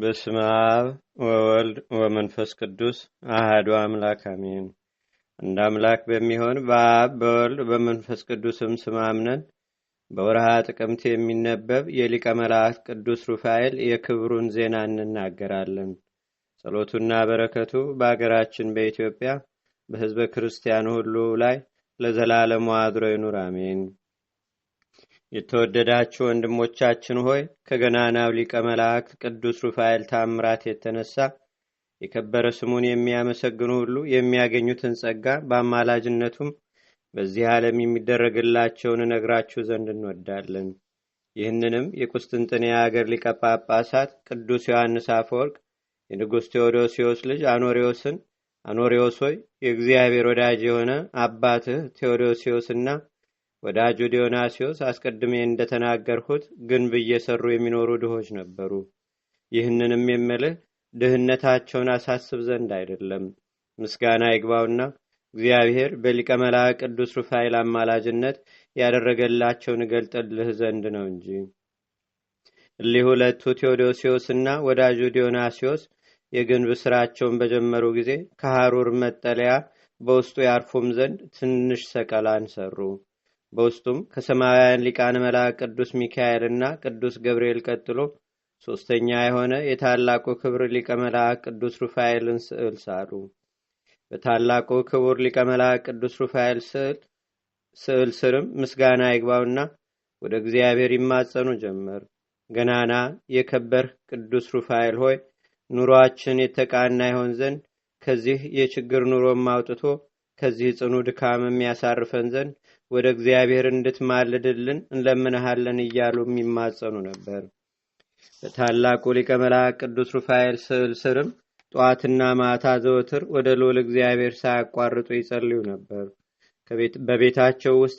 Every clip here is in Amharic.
በስመ አብ ወወልድ ወመንፈስ ቅዱስ አህዱ አምላክ አሜን። እንደ አምላክ በሚሆን በአብ በወልድ በመንፈስ ቅዱስም ስም አምነን በወርሃ ጥቅምት የሚነበብ የሊቀ መላእክት ቅዱስ ሩፋኤል የክብሩን ዜና እንናገራለን። ጸሎቱና በረከቱ በአገራችን በኢትዮጵያ በሕዝበ ክርስቲያኑ ሁሉ ላይ ለዘላለሙ አድሮ ይኑር አሜን። የተወደዳችሁ ወንድሞቻችን ሆይ ከገናናው ሊቀ መላእክት ቅዱስ ሩፋኤል ታምራት የተነሳ የከበረ ስሙን የሚያመሰግኑ ሁሉ የሚያገኙትን ጸጋ በአማላጅነቱም በዚህ ዓለም የሚደረግላቸውን እነግራችሁ ዘንድ እንወዳለን። ይህንንም የቁስጥንጥንያ አገር ሊቀ ጳጳሳት ቅዱስ ዮሐንስ አፈወርቅ የንጉሥ ቴዎዶሲዎስ ልጅ አኖሪዎስን አኖሪዎስ ሆይ የእግዚአብሔር ወዳጅ የሆነ አባትህ ቴዎዶሲዎስና ወዳጁ ዲዮናሲዮስ አስቀድሜ እንደተናገርሁት ግንብ እየሰሩ የሚኖሩ ድሆች ነበሩ። ይህንንም የምልህ ድህነታቸውን አሳስብ ዘንድ አይደለም። ምስጋና ይግባውና እግዚአብሔር በሊቀ መልአክ ቅዱስ ሩፋኤል አማላጅነት ያደረገላቸውን እገልጠልህ ዘንድ ነው እንጂ። እሊህ ሁለቱ ቴዎዶሲዎስና ወዳጁ ዲዮናሲዮስ የግንብ ስራቸውን በጀመሩ ጊዜ ከሐሩር መጠለያ በውስጡ ያርፉም ዘንድ ትንሽ ሰቀላን ሰሩ። በውስጡም ከሰማያውያን ሊቃነ መልአክ ቅዱስ ሚካኤልና ቅዱስ ገብርኤል ቀጥሎ ሦስተኛ የሆነ የታላቁ ክብር ሊቀ መልአክ ቅዱስ ሩፋኤልን ስዕል ሳሉ። በታላቁ ክቡር ሊቀ መልአክ ቅዱስ ሩፋኤል ስዕል ስርም ምስጋና ይግባውና ወደ እግዚአብሔር ይማጸኑ ጀመር። ገናና የከበርህ ቅዱስ ሩፋኤል ሆይ ኑሯችን የተቃና ይሆን ዘንድ ከዚህ የችግር ኑሮም አውጥቶ ከዚህ ጽኑ ድካም የሚያሳርፈን ዘንድ ወደ እግዚአብሔር እንድትማልድልን እንለምንሃለን እያሉ የሚማጸኑ ነበር። በታላቁ ሊቀ መልአክ ቅዱስ ሩፋኤል ስዕል ስርም ጠዋትና ማታ ዘወትር ወደ ልዑል እግዚአብሔር ሳያቋርጡ ይጸልዩ ነበር። በቤታቸው ውስጥ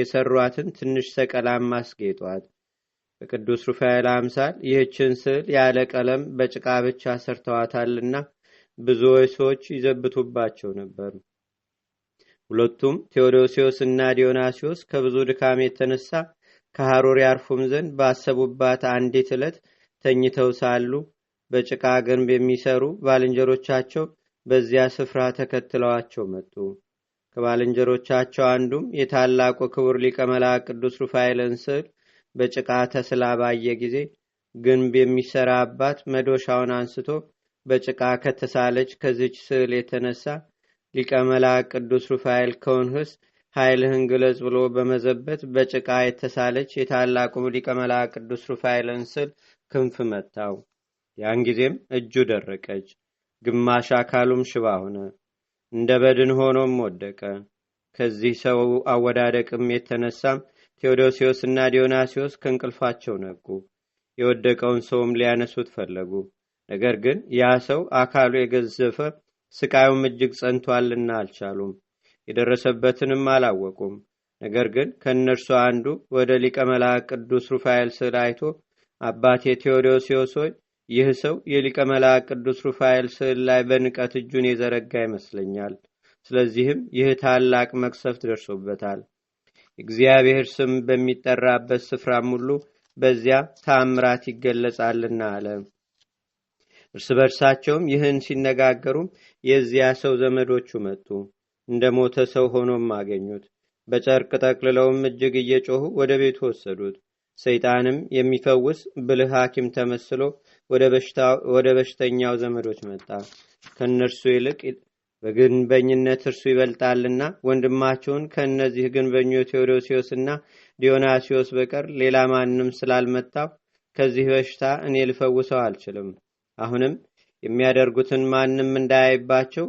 የሰሯትን ትንሽ ሰቀላም አስጌጧት። በቅዱስ ሩፋኤል አምሳል ይህችን ስዕል ያለ ቀለም በጭቃ ብቻ ሰርተዋታልና ብዙዎች ሰዎች ይዘብቱባቸው ነበር። ሁለቱም ቴዎዶሲዎስ እና ዲዮናሲዎስ ከብዙ ድካም የተነሳ ከሐሮር ያርፉም ዘንድ ባሰቡባት አንዲት ዕለት ተኝተው ሳሉ በጭቃ ግንብ የሚሰሩ ባልንጀሮቻቸው በዚያ ስፍራ ተከትለዋቸው መጡ። ከባልንጀሮቻቸው አንዱም የታላቁ ክቡር ሊቀ ቅዱስ ሩፋኤልን ስዕል በጭቃ ተስላ ባየ ጊዜ ግንብ የሚሰራ አባት መዶሻውን አንስቶ በጭቃ ከተሳለች ከዚች ስዕል የተነሳ ሊቀ መላእክት ቅዱስ ሩፋኤል ከውንህስ ኃይልህን ግለጽ ብሎ በመዘበት በጭቃ የተሳለች የታላቁ ሊቀ መላእክት ቅዱስ ሩፋኤልን ስል ክንፍ መታው። ያን ጊዜም እጁ ደረቀች፣ ግማሽ አካሉም ሽባ ሆነ፣ እንደ በድን ሆኖም ወደቀ። ከዚህ ሰው አወዳደቅም የተነሳም ቴዎዶሲዎስ እና ዲዮናሲዎስ ከእንቅልፋቸው ነቁ። የወደቀውን ሰውም ሊያነሱት ፈለጉ። ነገር ግን ያ ሰው አካሉ የገዘፈ ስቃዩም እጅግ ጸንቷልና አልቻሉም፣ የደረሰበትንም አላወቁም። ነገር ግን ከእነርሱ አንዱ ወደ ሊቀ መልአክ ቅዱስ ሩፋኤል ስዕል አይቶ አባቴ ቴዎዶሲዎስ ሆይ ይህ ሰው የሊቀ መልአክ ቅዱስ ሩፋኤል ስዕል ላይ በንቀት እጁን የዘረጋ ይመስለኛል። ስለዚህም ይህ ታላቅ መቅሰፍት ደርሶበታል። እግዚአብሔር ስም በሚጠራበት ስፍራም ሁሉ በዚያ ታምራት ይገለጻልና አለ። እርስ በርሳቸውም ይህን ሲነጋገሩም የዚያ ሰው ዘመዶቹ መጡ። እንደ ሞተ ሰው ሆኖም አገኙት። በጨርቅ ጠቅልለውም እጅግ እየጮኹ ወደ ቤቱ ወሰዱት። ሰይጣንም የሚፈውስ ብልህ ሐኪም ተመስሎ ወደ በሽተኛው ዘመዶች መጣ። ከእነርሱ ይልቅ በግንበኝነት እርሱ ይበልጣልና ወንድማችሁን ከእነዚህ ግንበኞ ቴዎዶሲዎስና ዲዮናሲዎስ በቀር ሌላ ማንም ስላልመታው ከዚህ በሽታ እኔ ልፈውሰው አልችልም አሁንም የሚያደርጉትን ማንም እንዳያይባቸው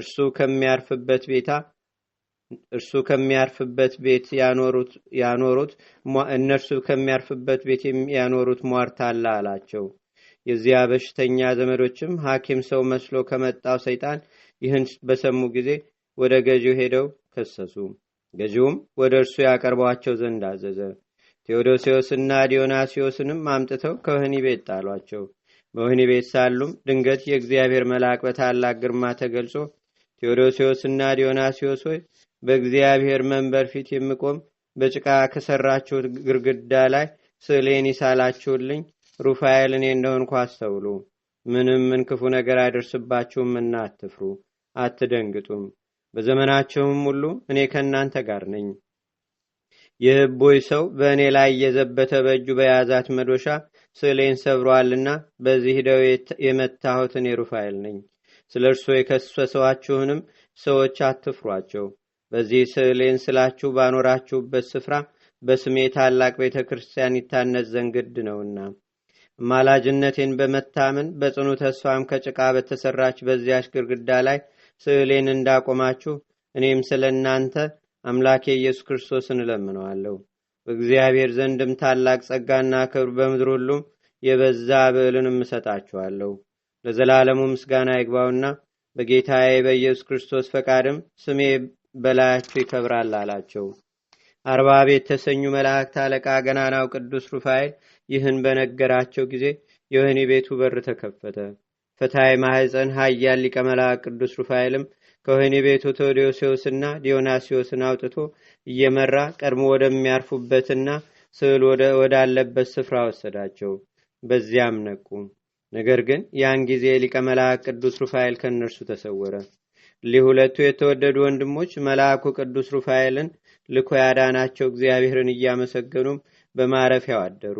እርሱ ከሚያርፍበት ቤታ እርሱ ከሚያርፍበት ቤት ያኖሩት እነርሱ ከሚያርፍበት ቤት ያኖሩት ሟርታላ አላቸው የዚያ በሽተኛ ዘመዶችም ሐኪም ሰው መስሎ ከመጣው ሰይጣን ይህን በሰሙ ጊዜ ወደ ገዢው ሄደው ከሰሱ ገዢውም ወደ እርሱ ያቀርቧቸው ዘንድ አዘዘ ቴዎዶሴዎስና ዲዮናሲዮስንም አምጥተው ከወህኒ ቤት ጣሏቸው በወህኒ ቤት ሳሉም ድንገት የእግዚአብሔር መልአክ በታላቅ ግርማ ተገልጾ ቴዎዶሲዎስና ዲዮናሲዎስ ሆይ በእግዚአብሔር መንበር ፊት የምቆም በጭቃ ከሰራችሁት ግርግዳ ላይ ስዕሌን ይሳላችሁልኝ ሩፋኤል እኔ እንደሆንኩ አስተውሉ። ምንም ምን ክፉ ነገር እና አትፍሩ፣ አትደንግጡም። በዘመናቸውም ሁሉ እኔ ከእናንተ ጋር ነኝ። የህቦይ ሰው በእኔ ላይ እየዘበተ በእጁ በያዛት መዶሻ ስዕሌን ሰብሮአልና በዚህ ሂደው የመታሁት እኔ ሩፋኤል ነኝ። ስለ እርሱ የከሰሰዋችሁንም ሰዎች አትፍሯቸው። በዚህ ስዕሌን ስላችሁ ባኖራችሁበት ስፍራ በስሜ ታላቅ ቤተ ክርስቲያን ይታነጽ ዘንግድ ነውና አማላጅነቴን በመታመን በጽኑ ተስፋም ከጭቃ በተሰራች በዚያች ግርግዳ ላይ ስዕሌን እንዳቆማችሁ እኔም ስለ እናንተ አምላኬ ኢየሱስ ክርስቶስን እለምነዋለሁ። በእግዚአብሔር ዘንድም ታላቅ ጸጋና ክብር በምድር ሁሉም የበዛ ብዕልን እሰጣችኋለሁ። ለዘላለሙ ምስጋና ይግባውና በጌታዬ በኢየሱስ ክርስቶስ ፈቃድም ስሜ በላያቸው ይከብራል አላቸው። አርባብ ተሰኙ መላእክት አለቃ ገናናው ቅዱስ ሩፋኤል ይህን በነገራቸው ጊዜ የወህኒ ቤቱ በር ተከፈተ። ፈታይ ማህፀን ሀያል ሊቀ መላእክት ቅዱስ ሩፋኤልም ከወህኒ ቤቱ ቴዎዶሲዎስና ዲዮናሲዎስን አውጥቶ እየመራ ቀድሞ ወደሚያርፉበትና ስዕል ወዳለበት ስፍራ ወሰዳቸው። በዚያም ነቁ። ነገር ግን ያን ጊዜ ሊቀ መልአክ ቅዱስ ሩፋኤል ከእነርሱ ተሰወረ። ሊሁለቱ ሁለቱ የተወደዱ ወንድሞች መልአኩ ቅዱስ ሩፋኤልን ልኮ ያዳናቸው እግዚአብሔርን እያመሰገኑም በማረፊያው አደሩ።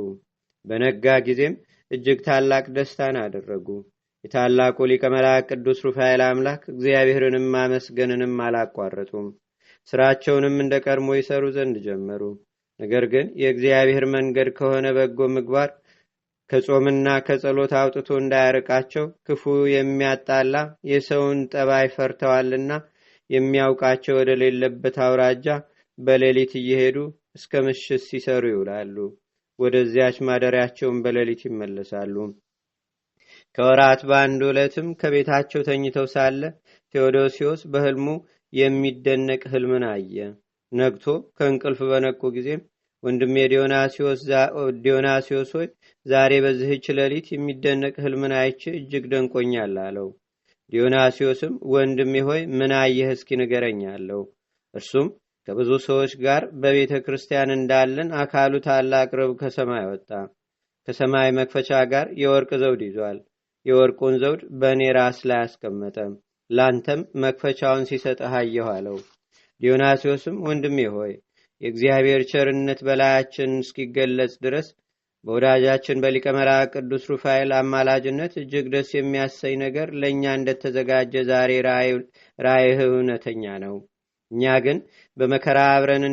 በነጋ ጊዜም እጅግ ታላቅ ደስታን አደረጉ። የታላቁ ሊቀ መልአክ ቅዱስ ሩፋኤል አምላክ እግዚአብሔርንም ማመስገንንም አላቋረጡም። ስራቸውንም እንደ ቀድሞ ይሰሩ ዘንድ ጀመሩ። ነገር ግን የእግዚአብሔር መንገድ ከሆነ በጎ ምግባር ከጾምና ከጸሎት አውጥቶ እንዳያርቃቸው ክፉ የሚያጣላ የሰውን ጠባይ ፈርተዋልና የሚያውቃቸው ወደሌለበት አውራጃ በሌሊት እየሄዱ እስከ ምሽት ሲሰሩ ይውላሉ። ወደዚያች ማደሪያቸውን በሌሊት ይመለሳሉ። ከወራት በአንድ ዕለትም ከቤታቸው ተኝተው ሳለ ቴዎዶሲዎስ በሕልሙ የሚደነቅ ሕልምን አየ። ነግቶ ከእንቅልፍ በነቁ ጊዜም ወንድሜ ዲዮናሲዎስ ሆይ ዛሬ በዚህች ሌሊት የሚደነቅ ሕልምን አይቼ እጅግ ደንቆኛል አለው። ዲዮናሲዎስም ወንድሜ ሆይ ምን አየህ እስኪ ንገረኝ አለው። እርሱም ከብዙ ሰዎች ጋር በቤተ ክርስቲያን እንዳለን አካሉ ታላቅ ርብ ከሰማይ ወጣ። ከሰማይ መክፈቻ ጋር የወርቅ ዘውድ ይዟል። የወርቁን ዘውድ በእኔ ራስ ላይ አስቀመጠ፣ ላንተም መክፈቻውን ሲሰጥህ አየሁ አለው። ዲዮናስዮስም ወንድሜ ሆይ የእግዚአብሔር ቸርነት በላያችን እስኪገለጽ ድረስ በወዳጃችን በሊቀ ቅዱስ ሩፋኤል አማላጅነት እጅግ ደስ የሚያሰኝ ነገር ለእኛ እንደተዘጋጀ ዛሬ ራይህ እውነተኛ ነው። እኛ ግን በመከራ አብረን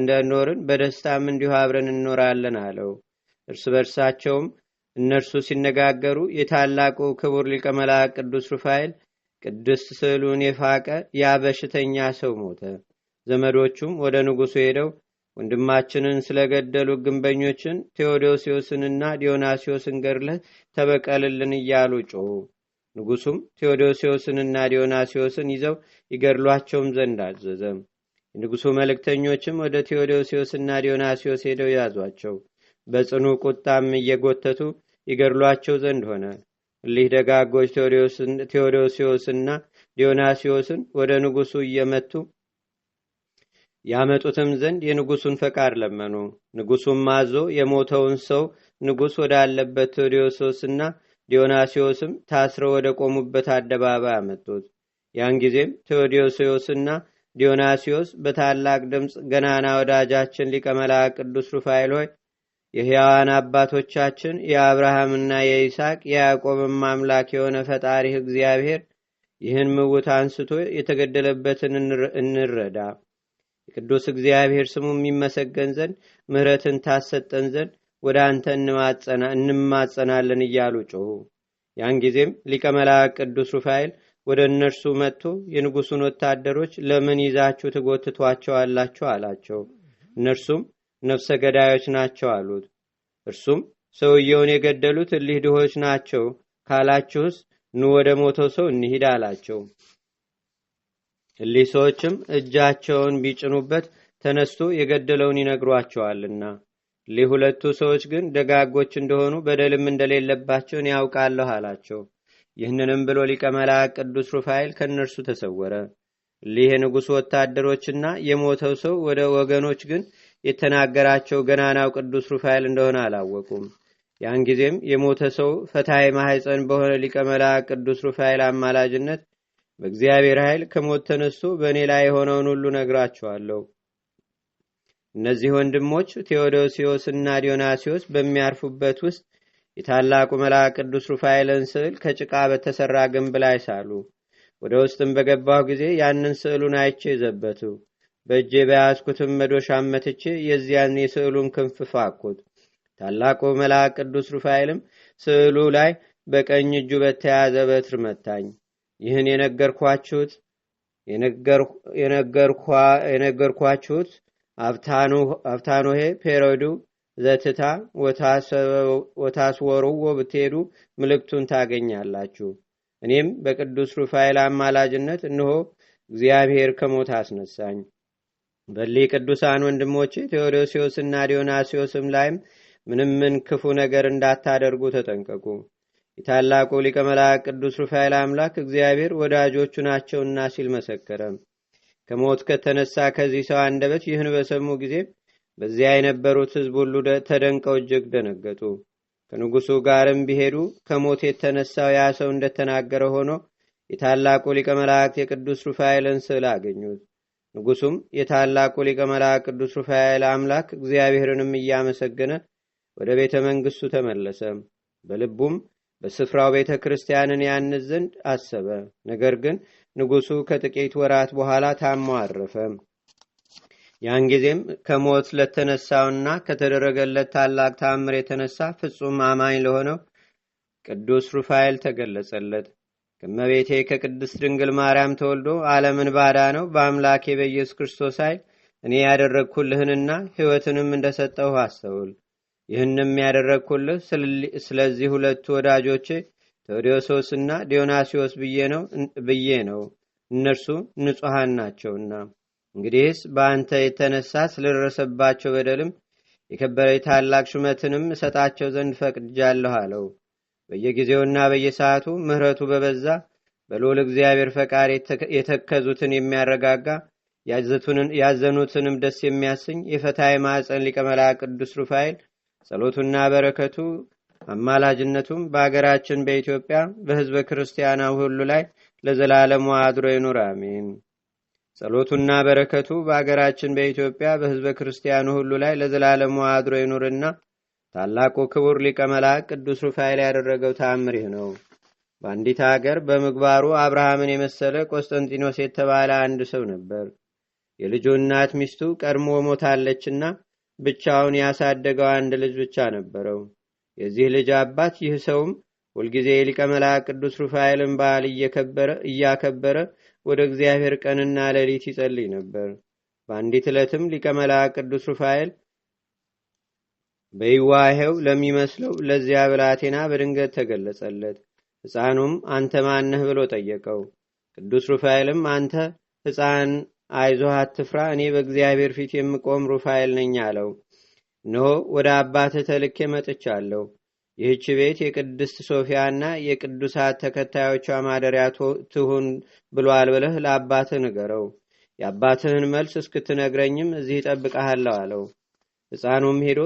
እንደኖርን በደስታም እንዲሁ አብረን እንኖራለን አለው። እርስ በርሳቸውም እነርሱ ሲነጋገሩ የታላቁ ክቡር ሊቀ መላእክት ቅዱስ ሩፋኤል ቅድስት ስዕሉን የፋቀ ያ በሽተኛ ሰው ሞተ። ዘመዶቹም ወደ ንጉሡ ሄደው ወንድማችንን ስለገደሉ ግንበኞችን ቴዎዶሲዮስንና ዲዮናሲዮስን ገድለህ ተበቀልልን እያሉ ጮሁ። ንጉሡም ቴዎዶሲዮስንና ዲዮናሲዮስን ይዘው ይገድሏቸውም ዘንድ አዘዘ። የንጉሡ መልእክተኞችም ወደ ቴዎዶሲዮስና ዲዮናሲዮስ ሄደው ያዟቸው። በጽኑ ቁጣም እየጎተቱ ይገድሏቸው ዘንድ ሆነ። እሊህ ደጋጎች ቴዎዶሲዎስና ዲዮናሲዎስን ወደ ንጉሱ እየመቱ ያመጡትም ዘንድ የንጉሱን ፈቃድ ለመኑ። ንጉሱም አዞ የሞተውን ሰው ንጉሥ ወዳለበት ቴዎዶሲዎስና ዲዮናሲዎስም ታስረው ወደ ቆሙበት አደባባይ አመጡት። ያን ጊዜም ቴዎዶሲዎስና ዲዮናሲዎስ በታላቅ ድምፅ ገናና ወዳጃችን ሊቀ ቅዱስ ሩፋኤል ሆይ የሕያዋን አባቶቻችን የአብርሃምና የይስሐቅ የያዕቆብም አምላክ የሆነ ፈጣሪህ እግዚአብሔር ይህን ምውት አንስቶ የተገደለበትን እንረዳ። የቅዱስ እግዚአብሔር ስሙ የሚመሰገን ዘንድ ምሕረትን ታሰጠን ዘንድ ወደ አንተ እንማጸናለን እያሉ ጮኹ። ያን ጊዜም ሊቀ መላእክት ቅዱስ ሩፋኤል ወደ እነርሱ መጥቶ የንጉሱን ወታደሮች ለምን ይዛችሁ ትጎትቷቸዋላችሁ? አላቸው። እነርሱም ነፍሰ ገዳዮች ናቸው አሉት። እርሱም ሰውየውን የገደሉት እሊህ ድሆች ናቸው ካላችሁስ ኑ ወደ ሞተው ሰው እንሂድ አላቸው። እሊህ ሰዎችም እጃቸውን ቢጭኑበት ተነስቶ የገደለውን ይነግሯቸዋልና። እሊህ ሁለቱ ሰዎች ግን ደጋጎች እንደሆኑ በደልም እንደሌለባቸውን ያውቃለሁ አላቸው። ይህንንም ብሎ ሊቀ መላእክት ቅዱስ ሩፋኤል ከእነርሱ ተሰወረ። እሊህ የንጉሥ ወታደሮችና የሞተው ሰው ወደ ወገኖች ግን የተናገራቸው ገናናው ቅዱስ ሩፋኤል እንደሆነ አላወቁም። ያን ጊዜም የሞተ ሰው ፈታይ ማሕፀን በሆነ ሊቀ መልአክ ቅዱስ ሩፋኤል አማላጅነት በእግዚአብሔር ኃይል ከሞት ተነስቶ በእኔ ላይ የሆነውን ሁሉ ነግራቸዋለሁ። እነዚህ ወንድሞች ቴዎዶሲዎስ እና ዲዮናሲዎስ በሚያርፉበት ውስጥ የታላቁ መልአክ ቅዱስ ሩፋኤልን ስዕል ከጭቃ በተሠራ ግንብ ላይ ሳሉ። ወደ ውስጥም በገባሁ ጊዜ ያንን ስዕሉን አይቼ ዘበቱ። በእጄ በያዝኩትም መዶሻ መትቼ የዚያን የስዕሉን ክንፍ ፋኩት። ታላቁ መልአክ ቅዱስ ሩፋኤልም ስዕሉ ላይ በቀኝ እጁ በተያዘ በትር መታኝ። ይህን የነገርኳችሁት የነገርኳችሁት አብታኖሄ ፔሮዱ ዘትታ ወታስወርዎ ብትሄዱ ምልክቱን ታገኛላችሁ። እኔም በቅዱስ ሩፋኤል አማላጅነት እንሆ እግዚአብሔር ከሞት አስነሳኝ። በሊ ቅዱሳን ወንድሞቼ ቴዎዶሲዎስና ዲዮናሲዎስም ላይም ምንም ምን ክፉ ነገር እንዳታደርጉ ተጠንቀቁ። የታላቁ ሊቀ መላእክት ቅዱስ ሩፋኤል አምላክ እግዚአብሔር ወዳጆቹ ናቸውና ሲል መሰከረ። ከሞት ከተነሳ ከዚህ ሰው አንደበት ይህን በሰሙ ጊዜ በዚያ የነበሩት ህዝብ ሁሉ ተደንቀው እጅግ ደነገጡ። ከንጉሱ ጋርም ቢሄዱ ከሞት የተነሳው ያ ሰው እንደተናገረ ሆኖ የታላቁ ሊቀ መላእክት የቅዱስ ሩፋኤልን ስዕል አገኙት። ንጉሱም የታላቁ ሊቀ መልአክ ቅዱስ ሩፋኤል አምላክ እግዚአብሔርንም እያመሰገነ ወደ ቤተ መንግሥቱ ተመለሰ። በልቡም በስፍራው ቤተ ክርስቲያንን ያንጽ ዘንድ አሰበ። ነገር ግን ንጉሡ ከጥቂት ወራት በኋላ ታሞ አረፈ። ያን ጊዜም ከሞት ለተነሳውና ከተደረገለት ታላቅ ታምር የተነሳ ፍጹም አማኝ ለሆነው ቅዱስ ሩፋኤል ተገለጸለት። ከመቤቴ ከቅድስት ድንግል ማርያም ተወልዶ ዓለምን ነው በአምላኬ በኢየሱስ ክርስቶስ ኃይል እኔ ያደረግኩልህንና ሕይወትንም እንደሰጠሁህ አስተውል። ይህንም ያደረግኩልህ ስለዚህ ሁለቱ ወዳጆቼ ቴዎዶሶስና ዲዮናሲዎስ ብዬ ነው፣ እነርሱ ንጹሐን ናቸውና። እንግዲህስ በአንተ የተነሳ ስለደረሰባቸው በደልም የከበረ ታላቅ ሹመትንም እሰጣቸው ዘንድ ፈቅድጃለሁ አለው። በየጊዜውና በየሰዓቱ ምሕረቱ በበዛ በሎል እግዚአብሔር ፈቃድ የተከዙትን የሚያረጋጋ ያዘኑትንም ደስ የሚያሰኝ የፈታይ ማዕፀን ሊቀመላ ቅዱስ ሩፋኤል ጸሎቱና በረከቱ አማላጅነቱም በአገራችን በኢትዮጵያ በሕዝበ ክርስቲያና ሁሉ ላይ ለዘላለሙ አድሮ ይኑር፣ አሜን። ጸሎቱና በረከቱ በአገራችን በኢትዮጵያ በሕዝበ ክርስቲያኑ ሁሉ ላይ ለዘላለሙ አድሮ ይኑርና ታላቁ ክቡር ሊቀ መላእክት ቅዱስ ሩፋኤል ያደረገው ተአምር ይህ ነው። በአንዲት አገር በምግባሩ አብርሃምን የመሰለ ቆስጠንጢኖስ የተባለ አንድ ሰው ነበር። የልጁ እናት ሚስቱ ቀድሞ ሞታለችና ብቻውን ያሳደገው አንድ ልጅ ብቻ ነበረው። የዚህ ልጅ አባት ይህ ሰውም ሁልጊዜ የሊቀ መላእክት ቅዱስ ሩፋኤልን በዓል እያከበረ ወደ እግዚአብሔር ቀንና ሌሊት ይጸልይ ነበር። በአንዲት ዕለትም ሊቀ መላእክት ቅዱስ ሩፋኤል በይዋሄው ለሚመስለው ለዚያ ብላቴና በድንገት ተገለጸለት። ሕፃኑም አንተ ማነህ ብሎ ጠየቀው። ቅዱስ ሩፋኤልም አንተ ሕፃን አይዞህ አትፍራ፣ እኔ በእግዚአብሔር ፊት የምቆም ሩፋኤል ነኝ አለው። እነሆ ወደ አባትህ ተልኬ መጥቻለሁ። ይህች ቤት የቅድስት ሶፊያና የቅዱሳት ተከታዮቿ ማደሪያ ትሁን ብሏል ብለህ ለአባትህ ንገረው። የአባትህን መልስ እስክትነግረኝም እዚህ እጠብቀሃለሁ አለው። ሕፃኑም ሄዶ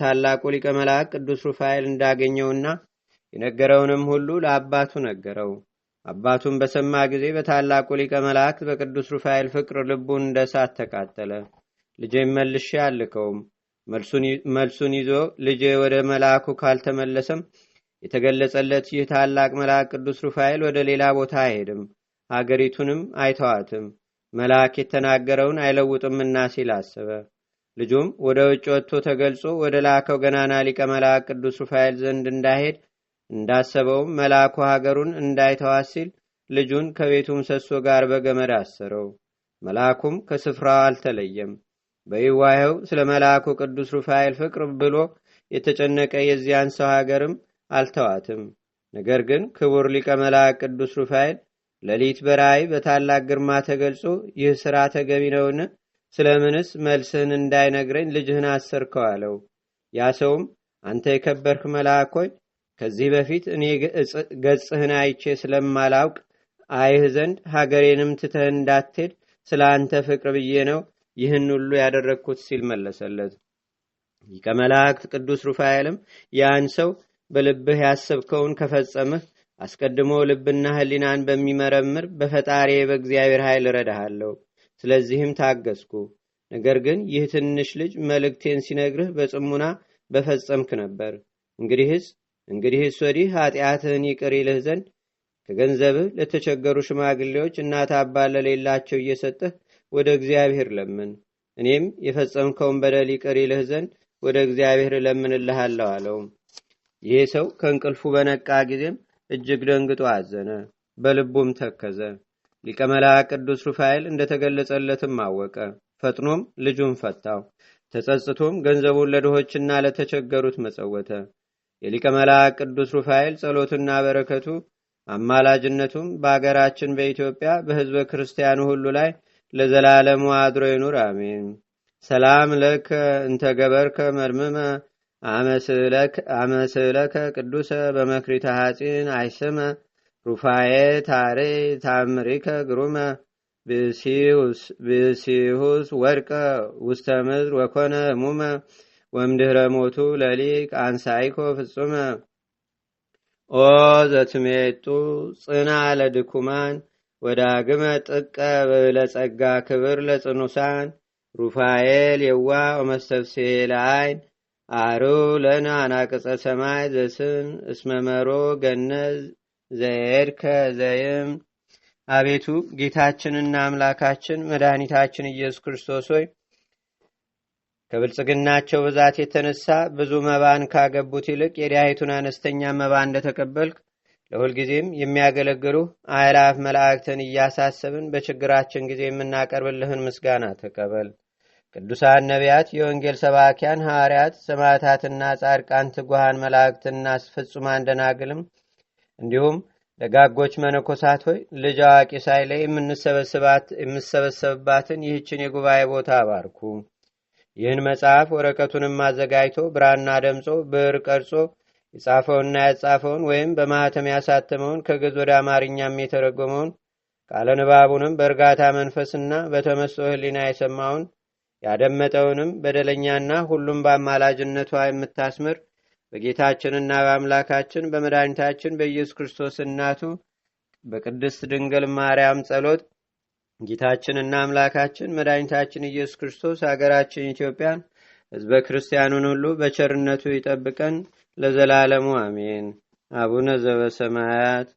ታላቁ ሊቀ መልአክ ቅዱስ ሩፋኤል እንዳገኘውና የነገረውንም ሁሉ ለአባቱ ነገረው። አባቱም በሰማ ጊዜ በታላቁ ሊቀ መላእክት በቅዱስ ሩፋኤል ፍቅር ልቡን እንደ እሳት ተቃጠለ። ልጄም መልሼ አልከውም። መልሱን ይዞ ልጄ ወደ መልአኩ ካልተመለሰም የተገለጸለት ይህ ታላቅ መልአክ ቅዱስ ሩፋኤል ወደ ሌላ ቦታ አይሄድም፣ አገሪቱንም አይተዋትም፣ መልአክ የተናገረውን አይለውጥምና ሲል አሰበ። ልጁም ወደ ውጭ ወጥቶ ተገልጾ ወደ ላከው ገናና ሊቀ መልአክ ቅዱስ ሩፋኤል ዘንድ እንዳሄድ እንዳሰበውም መልአኩ ሀገሩን እንዳይተዋት ሲል ልጁን ከቤቱ ምሰሶ ጋር በገመድ አሰረው። መልአኩም ከስፍራው አልተለየም። በይዋኸው ስለ መልአኩ ቅዱስ ሩፋኤል ፍቅር ብሎ የተጨነቀ የዚያን ሰው ሀገርም አልተዋትም። ነገር ግን ክቡር ሊቀ መልአክ ቅዱስ ሩፋኤል ሌሊት በራእይ በታላቅ ግርማ ተገልጾ ይህ ሥራ ተገቢ ነውን? ስለምንስ መልስህን እንዳይነግረኝ ልጅህን አሰርከው አለው ያ ሰውም አንተ የከበርክ መልአክ ሆይ ከዚህ በፊት እኔ ገጽህን አይቼ ስለማላውቅ አይህ ዘንድ ሀገሬንም ትተህ እንዳትሄድ ስለ አንተ ፍቅር ብዬ ነው ይህን ሁሉ ያደረግኩት ሲል መለሰለት ከመላእክት ቅዱስ ሩፋኤልም ያን ሰው በልብህ ያሰብከውን ከፈጸምህ አስቀድሞ ልብና ህሊናን በሚመረምር በፈጣሪ በእግዚአብሔር ኃይል እረዳሃለሁ ስለዚህም ታገዝኩ። ነገር ግን ይህ ትንሽ ልጅ መልእክቴን ሲነግርህ በጽሙና በፈጸምክ ነበር። እንግዲህስ እንግዲህስ ወዲህ ኃጢአትህን ይቅር ይልህ ዘንድ ከገንዘብህ ለተቸገሩ ሽማግሌዎች እናት አባት ለሌላቸው እየሰጠህ ወደ እግዚአብሔር ለምን። እኔም የፈጸምከውን በደል ይቅር ይልህ ዘንድ ወደ እግዚአብሔር እለምንልሃለሁ አለው። ይሄ ሰው ከእንቅልፉ በነቃ ጊዜም እጅግ ደንግጦ አዘነ፣ በልቡም ተከዘ። ሊቀ መልአክ ቅዱስ ሩፋኤል እንደተገለጸለትም አወቀ። ፈጥኖም ልጁን ፈታው። ተጸጽቶም ገንዘቡን ለድሆችና ለተቸገሩት መጸወተ። የሊቀ መልአክ ቅዱስ ሩፋኤል ጸሎትና በረከቱ አማላጅነቱም በአገራችን በኢትዮጵያ በህዝበ ክርስቲያኑ ሁሉ ላይ ለዘላለሙ አድሮ ይኑር፣ አሜን። ሰላም ለከ እንተገበርከ መርምመ አመስለከ ቅዱሰ በመክሪተ ሐፂን አይስመ ሩፋኤ ታሬ ታምሪከ ግሩመ ብሲሁስ ወድቀ ውስተ ምድር ወኮነ ሙመ ወምድኅረ ሞቱ ለሊቅ አንሳይኮ ፍጹመ ኦ ዘትሜጡ ጽና ለድኩማን ወዳግመ ጥቀ ብለጸጋ ክብር ለጽኑሳን ሩፋኤል የዋ ወመስተፍስሔ ለአይን አሩ ለና አናቅጸ ሰማይ ዘስን እስመመሮ ገነዝ ዘየድከ ዘይም አቤቱ ጌታችንና አምላካችን መድኃኒታችን ኢየሱስ ክርስቶስ ሆይ ከብልጽግናቸው ብዛት የተነሳ ብዙ መባን ካገቡት ይልቅ የዲያይቱን አነስተኛ መባ እንደተቀበልክ ለሁልጊዜም የሚያገለግሉ አይላፍ መላእክትን እያሳሰብን በችግራችን ጊዜ የምናቀርብልህን ምስጋና ተቀበል። ቅዱሳን ነቢያት፣ የወንጌል ሰባኪያን ሐዋርያት፣ ሰማዕታትና ጻድቃን፣ ትጉሃን መላእክትና ፍጹማን ደናግልም እንዲሁም ደጋጎች መነኮሳት ሆይ ልጅ አዋቂ ሳይለ የምሰበሰብባትን ይህችን የጉባኤ ቦታ አባርኩ። ይህን መጽሐፍ ወረቀቱንም አዘጋጅቶ ብራና ደምጾ ብዕር ቀርጾ የጻፈውንና ያጻፈውን ወይም በማህተም ያሳተመውን ከግዝ ወደ አማርኛም የተረጎመውን ቃለ ንባቡንም በእርጋታ መንፈስና በተመስጦ ህሊና የሰማውን ያደመጠውንም በደለኛና ሁሉም በአማላጅነቷ የምታስምር በጌታችንና በአምላካችን በመድኃኒታችን በኢየሱስ ክርስቶስ እናቱ በቅድስት ድንግል ማርያም ጸሎት ጌታችንና አምላካችን መድኃኒታችን ኢየሱስ ክርስቶስ አገራችን ኢትዮጵያን ህዝበ ክርስቲያኑን ሁሉ በቸርነቱ ይጠብቀን ለዘላለሙ አሜን። አቡነ ዘበሰማያት